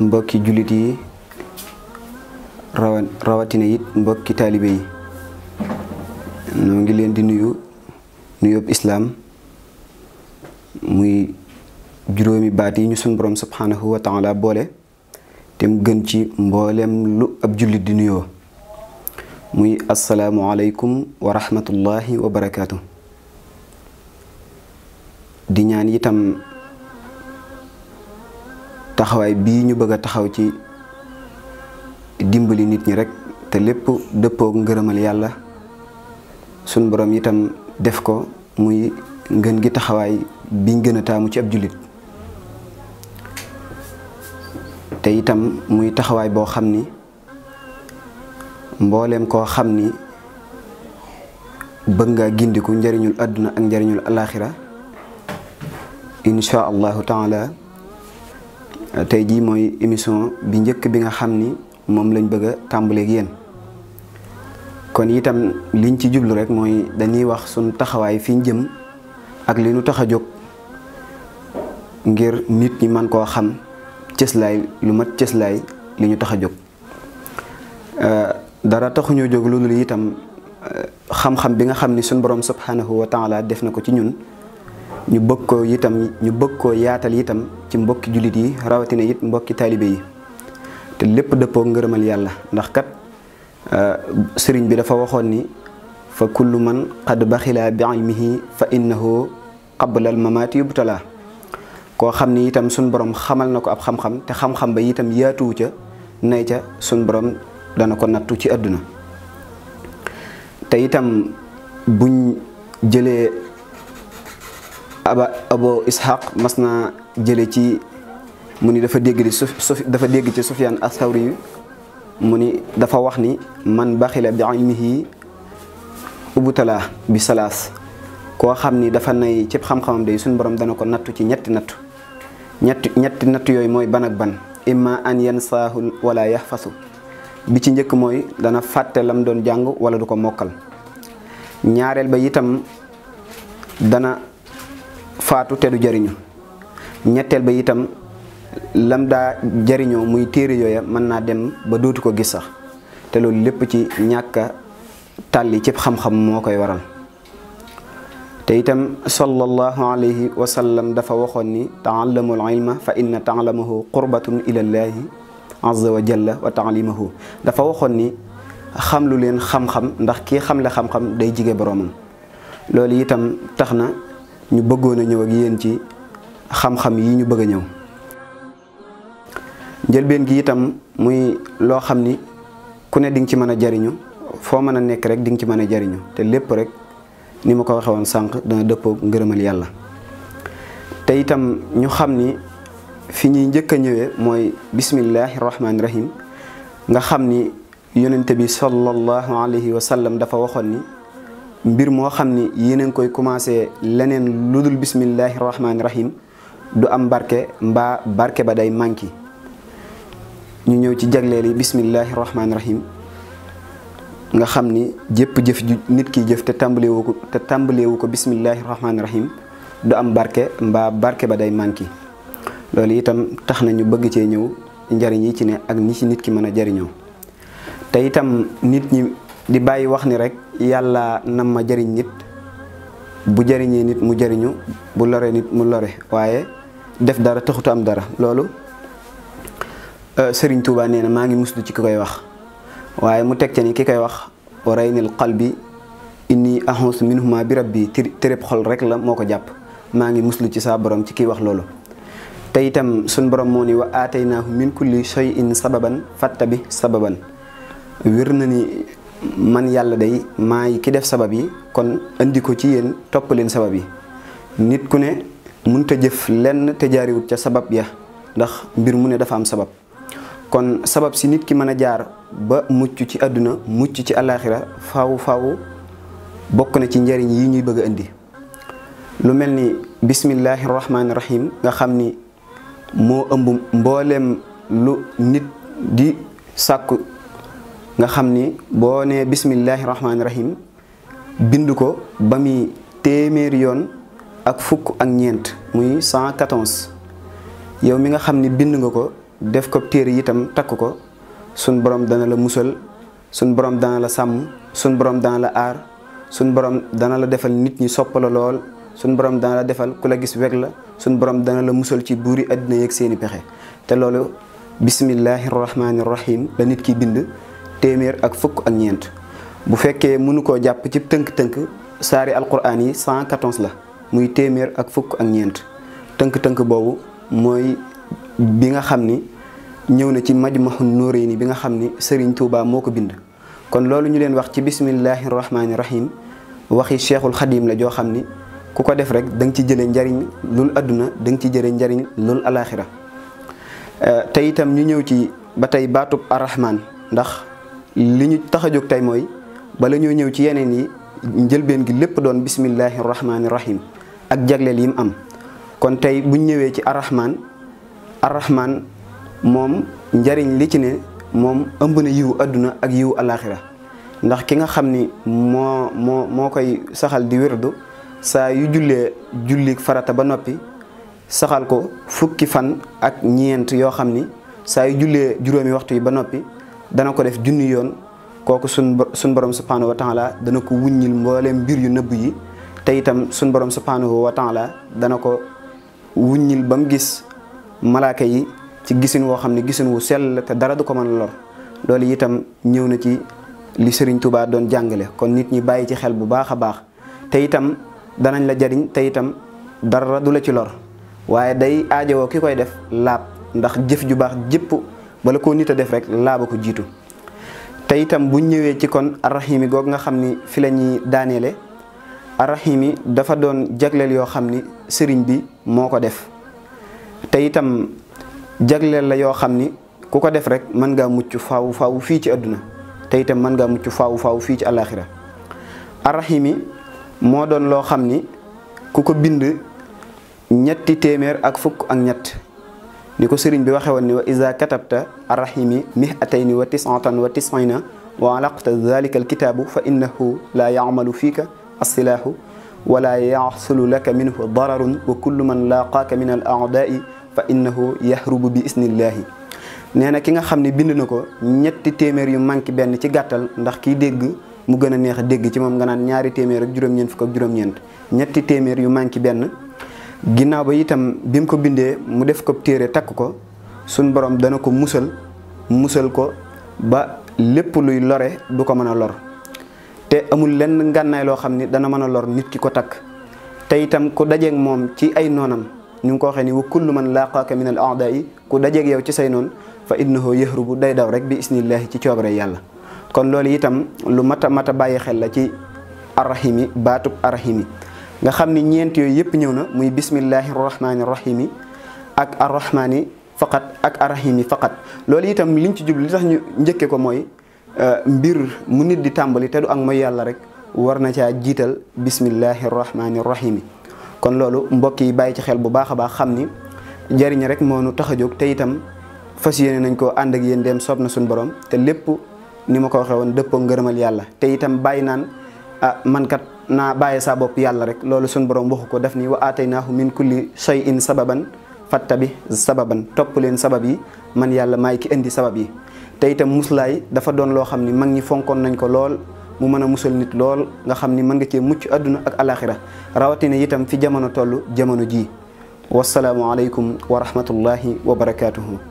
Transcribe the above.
mbokki jullit yi rawatina it mbokki taalibe yi noo ngi leen di nuyu nuyoob islaam muy juróomi baat yi ñu suñ borom subhanahu wa boole te mu gën ci mboolem lu ab jullit di nuyoo muy asalaamualeykum wa rahmatullahi wa di ñaan itam taxawaay bii ñu bëgg a taxaw ci dimbali nit ñi rek te lépp dëppoog ngërëmal yàlla sunu borom itam def ko muy ngën gi taxawaay biñ gën a taamu ci ab jullit te itam muy taxawaay boo xam ni mbooleem koo xam ni bëgg ngaa gindiku njariñul àdduna ak njariñul alaaxira incha allahu taala tey jii mooy émission bi njëkk bi nga xam ni moom lañ bëgg a tàmbaleeg yéen kon itam liñ ci jublu rek mooy dañuy wax suñ taxawaay fii ñu jëm ak li ñu tax a jóg ngir nit ñi mën koo xam cëslaay lu mat cëslaay li ñu tax a jóg euh, dara taxuñoo jóg loolu itam euh, xam-xam bi nga xam ni suñ borom subhanahu wa taala def na ko ci ñun ñu bëgg ko itam ñu bëgg koo yaatal itam ci mbokki jullit yi rawatina it mbokki taalibe yi te lépp dëppoo ngërëmal yàlla ndax kat euh, sëriñ bi dafa waxoon ni fa kullu man qad baxila bi ilmihi fa innahu qabla al mamaati yubtala koo xam ni itam suñ borom xamal na ko ab xam-xam te xam-xam ba itam yaatuwu ca nay ca suñ borom dana ko nattu ci àdduna te itam buñ jëlee aba abo ishaq mas na jële ci mu ni dafa dégg dafa dégg ci sufyaan athawri yu mu ni dafa wax ni man baxila bi ilmihi ubutala bi salaas koo xam ni dafa nay cib xam-xamam day suñ borom dana ko nattu ci ñetti nattu ñetti ñetti nattu yooyu mooy ban ak ban imma an yansaahu wala yaxfasu bi ci njëkk mooy dana fàtte lam doon jàng wala du ko mokkal ñaareel ba itam dana faatu te du jariñu ñetteel ba itam lam daa jariñoo muy téere yooya mën naa dem ba dootu ko gis sax te loolu lépp ci ñàkka tàlli cib xam-xam moo koy waral te itam sallallahu alayhi wa sallam dafa waxoon ni taalamul ilma fa inna taalamahu qurbatun ilallaahi azza wa jalla wa taalimahu dafa waxoon ni xam lu leen xam-xam ndax kii xamle xam-xam day jige boroomam loolu itam tax na ñu bëggoon a ñëw ak ci xam-xam yi ñu bëgg a ñëw njëlbeen gi itam muy loo xam ni ku ne di nga ci mën a jariñu foo mën a nekk rek di nga ci mën a jariñu te lépp rek ni ma ko waxee sànq dana dëppoo ngërëmal yàlla te itam ñu xam ni fi ñuy njëkk a ñëwee mooy bismillahi rahmaani rahim nga xam ni yonente bi sallallahu alayhi wa sallam dafa waxoon ni mbir moo xam ni yéen a ngi koy commencé leneen lu bismillahi rahmaani du am barke mbaa barke ba day manki ñu ñëw ci jagleel yi bismillahi nga xam ni jëpp jëf nit ki jëf te te tàmbalewu ko bismillahi rahmaani du am barke mbaa barke ba day manki loolu itam tax na ñu bëgg cee ñëw njariñ yi ci ne ak ñi ci nit ki mën a jariñoo te nit ñi di bàyyi wax ni rek yàlla na ma jariñ nit bu jëriñee nit mu jariñu bu lore nit mu lore waaye def dara taxutu am dara loolu euh, Sëriñ Tuubaa nee maa ngi muslu ci ki koy wax waaye mu teg ca ni ki koy wax bi indi inni ahonsu minhuma bi rabbi tërëb xol rek la moo ko jàpp maa ngi muslu ci saa borom ci kiy wax loolu te itam sun borom moo ni wa aataynaahu min kulli shay'in sababan fattabi sababan wér na ni man yàlla day maay ki def sabab yi kon andi ko ci yéen topp leen sabab yi nit ku ne mënut a jëf lenn te jaariwut ca sabab ya ndax mbir mu ne dafa am sabab kon sabab si nit ki mën a jaar ba mucc ci àdduna mucc ci alaaxira faw faw bokk na ci njariñ yi ñuy bëgg a indi lu mel ni bismillahi rahmaani nga xam ni moo ëmb mbooleem lu nit di sàkku nga xam ni boo nee bismillahi rahmaani rahim bind ko ba muy téeméeri yoon ak fukk ak ñeent muy cent 114 yow mi nga xam ni bind nga ko def ko téere itam takk ko suñ borom dana la musal suñ borom dana la sàmm suñ borom dana la aar suñ borom dana la defal nit ñi soppala lool suñ borom dana la defal ku la gis weg la suñ borom dana la musal ci buur yi àddina yeeg seeni pexe te loolu bismillahi rahmaani rahim la nit ki bind téeméer ak fukk ak ñeent bu fekkee mënu koo jàpp ci tënk-tënk saari alquran yi 114 la muy téeméer ak fukk ak ñeent tënk-tënk boobu mooy bi nga xam ni ñëw na ci Majmahun Nurayni bi nga xam ni Serigne Touba moo ko bind. kon loolu ñu leen wax ci bismillahi rahmaani rahim waxi cheikhul xadim la joo xam ni ku ko def rek da ci jëlee njariñ lul adduna da nga ci jëlee njariñ lul alaxira te itam ñu ñëw ci ba tey baatub arrahman ndax. li ñu tax a jóg tey mooy bala ñoo ñëw ci yeneen yi njëlbeen gi lépp doon bismillahi rahmaani rahim ak jagleel yi mu am kon tey buñ ñëwee ci arrahman arrahman moom njariñ li ci ne moom ëmb na yiwu àdduna ak yiwu alaxira ndax ki nga xam ni moo moo moo koy saxal di wérdu saa yu jullee julli farata ba noppi saxal ko fukki fan ak ñeent yoo xam ni saa yu jullee juróomi waxtu yi ba noppi dana ko def junni yoon kooku sun sun borom subhanahu wa taala dana ko wuññil mbooleem mbir yu nëbb yi te itam sun borom subhanahu wa taala dana ko wuññil ba mu gis malaaka yi ci gisin woo xam ne gisin wu sell te dara du ko mën lor loolu itam ñëw na ci li Serigne Touba doon jàngale kon nit ñi bàyyi ci xel bu baax a baax te itam danañ la jariñ te itam dara du la ci lor waaye day aajowoo ki koy def laab ndax jëf ju baax jëpp bala koo nit a def rek laaba ko jiitu te itam bu ñëwee ci kon arrahimi goog nga xam ni fi la daaneele arrahimi dafa doon jagleel yoo xam ni sëriñ bi moo ko def te itam jagleel la yoo xam ni ku ko def rek mën ngaa mucc faaw faaw fii ci àdduna te itam mën mucc faaw faaw fii ci àllaaxira araximi moo doon loo xam ni ku ko bind ñetti téeméer ak fukk ak ñett ni ko sëriñ bi waxe woon ni wa iza katabta arrahimi mihatayni wa tisatan wa tisina wa alaqta dalika alkitaabu fa innahu la yacmalu fiika assilaahu wala yaxsulu laka minhu dararun wa kullu man laaqaaka min al aadaai fa innahu yahrubu bi isnillahi nee na ki nga xam ne bind na ko ñetti téeméer yu manqué benn ci gàttal ndax kiy dégg mu gën a neex a dégg ci moom nga naan ñaari téeméer ak juróom-ñeent fukk ñetti téeméer yu manqué benn ginnaaw ba itam bi ko bindee mu def ko téere takk ko suñ borom dana ko musal musal ko ba lépp luy lore du ko mën a lor te amul lenn ngànnaay loo xam ni dana mën a lor nit ki ko takk tey itam ku dajeeg moom ci ay noonam ñu ngi ko waxee ni wa kullu man laqaaka min al aada yi ku dajeeg yow ci say noon fa innahu bu day daw rek bi isnillahi ci coobare yàlla kon loolu itam lu mat a mat a bàyyi xel la ci arrahimi baatub arrahimi nga xam ni ñeent yooyu yëpp ñëw na muy bismillahi rahmaani rahimi ak arrahmaani faqat ak arrahimi faqat loolu itam liñ ci jublu li tax ñu njëkke ko mooy euh, mbir mu nit di tàmbali te du ak mooy yàlla rek war na caa jiital bismillahi rahmaani rahimi kon loolu mbokk yi bàyyi ci xel bu baax a baax xam ni jariñ rek moo nu tax a jóg te itam fas yéene nañ koo ànd ak yéen dem soob na suñu borom te lépp ni ma ko waxee woon dëppoo ngërëmal yàlla te itam bàyyi naa ah naa bàyyi saa bopp yàlla rek loolu suñ borom waxu ko def nii ni wa aataynaahu min kulli shay'in sababan fattabi sababan topp leen sabab yi man yàlla maay ki indi sabab yi tey itam muslaay dafa doon loo xam ni mag ñi fonkoon nañ ko lool mu mën a musal nit lool nga xam ni mën nga cee mucc àdduna ak alaxira rawatina itam fi jamono toll jamono ji wasalaamualeykum wa rahmatullahi wa barakaatuhu